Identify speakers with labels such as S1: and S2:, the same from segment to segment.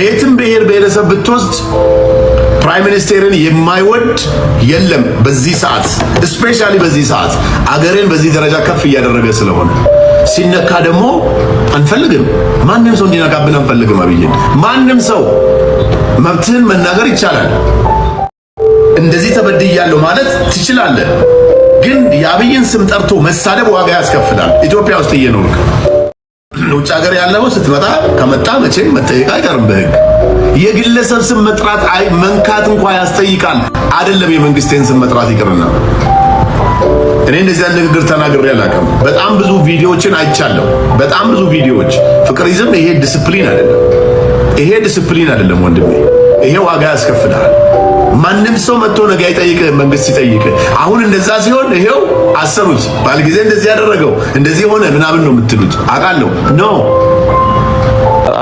S1: በየትም ብሔር ብሔረሰብ ብትወስድ ፕራይም ሚኒስቴርን የማይወድ የለም። በዚህ ሰዓት እስፔሻሊ በዚህ ሰዓት አገሬን በዚህ ደረጃ ከፍ እያደረገ ስለሆነ ሲነካ ደግሞ አንፈልግም። ማንም ሰው እንዲነካብን አንፈልግም። አብይን ማንም ሰው መብትህን መናገር ይቻላል። እንደዚህ ተበድያለሁ ማለት ትችላለህ። ግን የአብይን ስም ጠርቶ መሳደብ ዋጋ ያስከፍላል። ኢትዮጵያ ውስጥ እየኖርክ ውጭ ሀገር ያለው ስትመጣ ከመጣ መቼም መጠየቅ አይቀርም። በህግ የግለሰብ ስም መጥራት አይ መንካት እንኳ ያስጠይቃል። አይደለም የመንግስቴን ስም መጥራት ይቅርና እኔ እንደዚህ ያለ ንግግር ተናግሬ አላውቅም። በጣም ብዙ ቪዲዮዎችን አይቻለሁ። በጣም ብዙ ቪዲዮዎች ፍቅሪዝም፣ ይሄ ዲስፕሊን አይደለም። ይሄ ዲስፕሊን አይደለም ወንድሜ፣ ይሄ ዋጋ ያስከፍልሃል። ማንም ሰው መጥቶ ነገ አይጠይቅህ፣ መንግስት ይጠይቅህ። አሁን እንደዛ ሲሆን ይሄው አሰቡት። ባል ጊዜ እንደዚህ ያደረገው እንደዚህ ሆነ ምናምን ነው የምትሉት አውቃለሁ። ኖ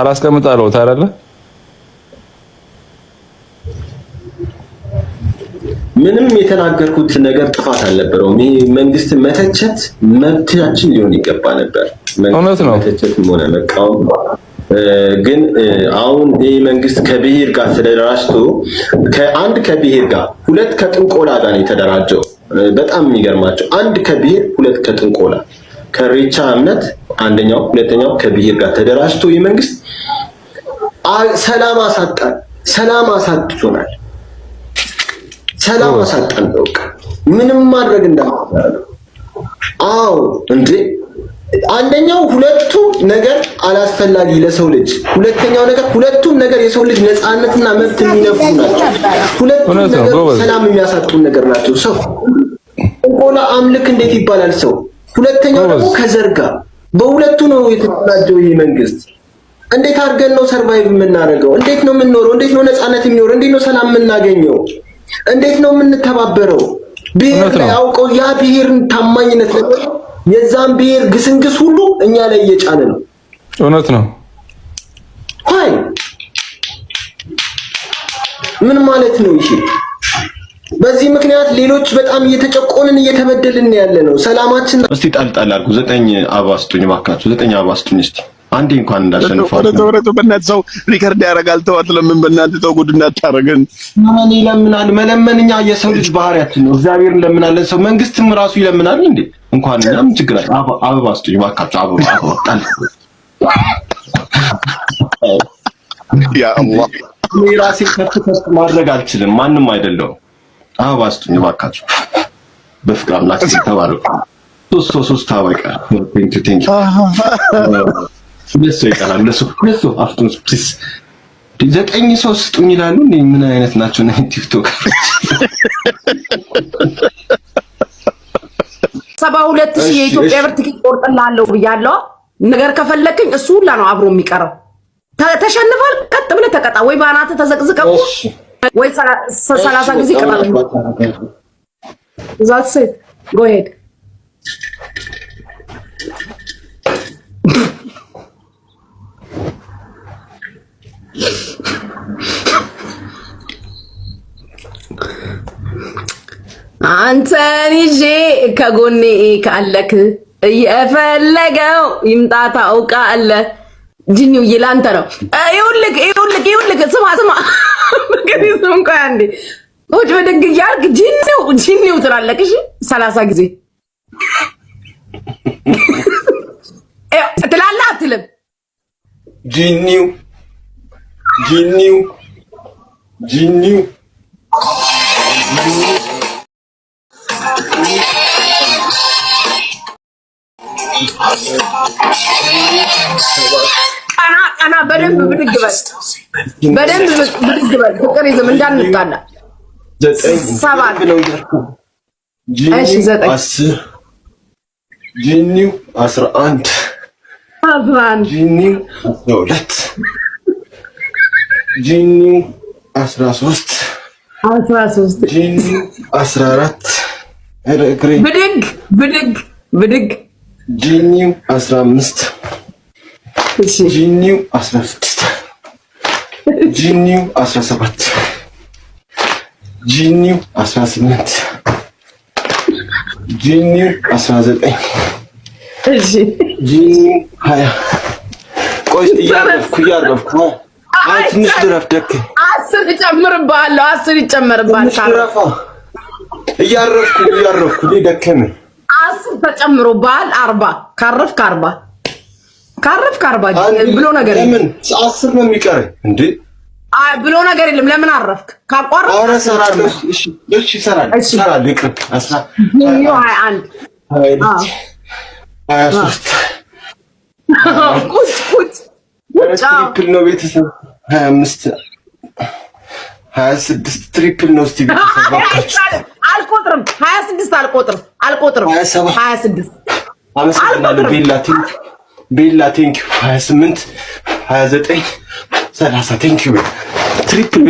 S2: አላስቀምጣለሁ ታላለ
S3: ምንም የተናገርኩት ነገር ጥፋት አልነበረውም። ይሄ መንግስት መተቸት መብታችን ሊሆን ይገባ ነበር።
S2: እውነት ነው፣ መተቸትም ሆነ
S3: መቃወም ግን አሁን ይህ መንግስት ከብሄር ጋር ተደራጅቶ ከአንድ ከብሄር ጋር ሁለት ከጥንቆላ ጋር ነው የተደራጀው። በጣም የሚገርማቸው አንድ ከብሔር ሁለት ከጥንቆላ ከሬቻ እምነት አንደኛው ሁለተኛው ከብሔር ጋር ተደራጅቶ የመንግስት ሰላም አሳጣን፣ ሰላም አሳጥቶናል፣ ሰላም አሳጣን። በቃ ምንም ማድረግ እንዳ አዎ እንዴ አንደኛው ሁለቱም ነገር አላስፈላጊ ለሰው ልጅ። ሁለተኛው ነገር ሁለቱም ነገር የሰው ልጅ ነፃነትና መብት የሚነፉ ናቸው። ሁለቱም ነገር ሰላም የሚያሳጡን ነገር ናቸው ሰው በሆነ አምልክ እንዴት ይባላል ሰው? ሁለተኛው ደግሞ ከዘር ጋር በሁለቱ ነው የተደራጀው ይህ መንግስት። እንዴት አድርገን ነው ሰርቫይቭ የምናደርገው? እንዴት ነው የምንኖረው? እንዴት ነው ነፃነት የሚኖረው? እንዴት ነው ሰላም የምናገኘው? እንዴት ነው የምንተባበረው? ብሄር ላይ አውቀው ያ ብሄር ታማኝነት የዛን ብሔር ግስንግስ ሁሉ እኛ ላይ እየጫነ ነው። እውነት ነው። ምን ማለት ነው ይሄ? በዚህ ምክንያት ሌሎች በጣም እየተጨቆንን እየተበደልን ያለ ነው። ሰላማችን
S2: እስቲ ጣልጣል አልኩ። ዘጠኝ አባ ስጡኝ እባካችሁ፣ ዘጠኝ አባ ስጡኝ እስቲ አንዴ እንኳን እንዳሸንፈው ወደ ተወረጡ በእናትህ ሰው ሪከርድ ያደርጋል። ተዋት፣ ለምን በእናትህ ተው ጉድ እንዳታረገን።
S3: ማን ይለምናል? መለመን እኛ የሰው ልጅ ባህሪያችን ነው። እግዚአብሔር እንለምናለን፣ ሰው መንግስትም ራሱ ይለምናል እንዴ። እንኳን እኛም ችግር አለ። አበባ ስጡኝ እባካችሁ፣ አበባ ጣል። ያ አላህ እኔ ራሴ ከፍ ከፍ ማድረግ አልችልም፣ ማንም አይደለሁም አበባ ስጡኝ እባካችሁ በፍቅር አምላክ ተባረኩ። ሶስት ሶስት ሶስት ታወቀ ቴንኪ ቴንኪ ሁለት ሰው ይቀራል። ሁለት ሰው ሁለት ሰው አፍቱን ፕሊስ ዘጠኝ ሰው ስጡኝ ይላሉ። ምን አይነት ናቸው ነው ቲክቶክ
S4: ሰባ ሁለት ሺህ የኢትዮጵያ ብር ትኬት ቆርጥላለሁ ብያለሁ። ነገር ከፈለክኝ እሱ ሁላ ነው አብሮ የሚቀረው። ተሸንፋል፣ ቀጥ ብለህ ተቀጣ ወይ በአናትህ ተዘቅዝቀው ወይ ሰላሳ ጊዜ ይቀጣል። ዛት ሴት ጎ ሄድ አንተን ይዤ ከጎኔ ካለክ እየፈለገው ይምጣ ታውቃለህ። ጅኒው ይላንተ ነው። ይኸውልህ ይኸውልህ ይኸውልህ ስማ ስማ መገኒዝም እንኳ አንዴ ቁጭ ብድግ እያልክ ጅኒው ጅኒው ትላለህ። እሺ ሰላሳ ጊዜ ትላለህ አትልም?
S5: ጅኒው ጅኒው ጅኒው
S4: ቀና ቀና በደንብ ብድግ በል በደንብ ብትግበል ፍቅር ይዝም እንዳንጣላ። ሰባት
S5: ጂኒው አስራ አንድ ጂኒው አስራ ሁለት ጂኒው አስራ ሶስት
S4: አስራ ሶስት
S5: ጂኒው አስራ አራት ረግሬ
S4: ብድግ ብድግ ብድግ
S5: ጂኒው አስራ አምስት ጂኒው አስራ ስድስት ጂኒው አስራ ሰባት ጂኒው አስራ ስምንት ጂኒው አስራ ዘጠኝ ጂኒው ሀያ ቆይ እያረፍኩ እያረፍኩ አይ ትንሽ ድረፍ ደክ
S4: አስር እጨምርብሃለሁ አስር ይጨመርብሃል
S5: እያረፍኩ እያረፍኩ ደከመኝ
S4: አስር ተጨምሮብሃል አርባ ካረፍክ አርባ ካረፍክ አርባ ብሎ ነገር ለምን
S5: አስር ነው የሚቀረኝ እንዴ
S4: ብሎ ነገር የለም። ለምን አረፍክ? ካቋረጥ
S5: ኧረ እሰራለሁ። እሺ እሺ፣ እሰራለሁ እሺ ነው ቤተሰብ ሀያ አምስት ሀያ ስድስት ትሪፕል ነው። እስኪ
S4: አልቆጥርም። ሀያ ስድስት አልቆጥርም አልቆጥርም። ሀያ ስድስት
S5: አመሰግናለሁ ቤላ ቴንኪው ቤላ ቴንኪው ሀያ ስምንት ሀያ ዘጠኝ ሰላሳ ቴንኪዩ ትሪፕል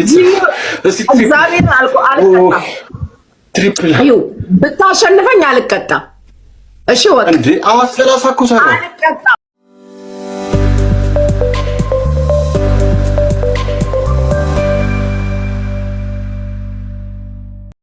S4: ብታሸንፈኝ አልቀጣም። እሺ ወቅ
S5: አዋት ሰላሳ እኮ አልቀጣም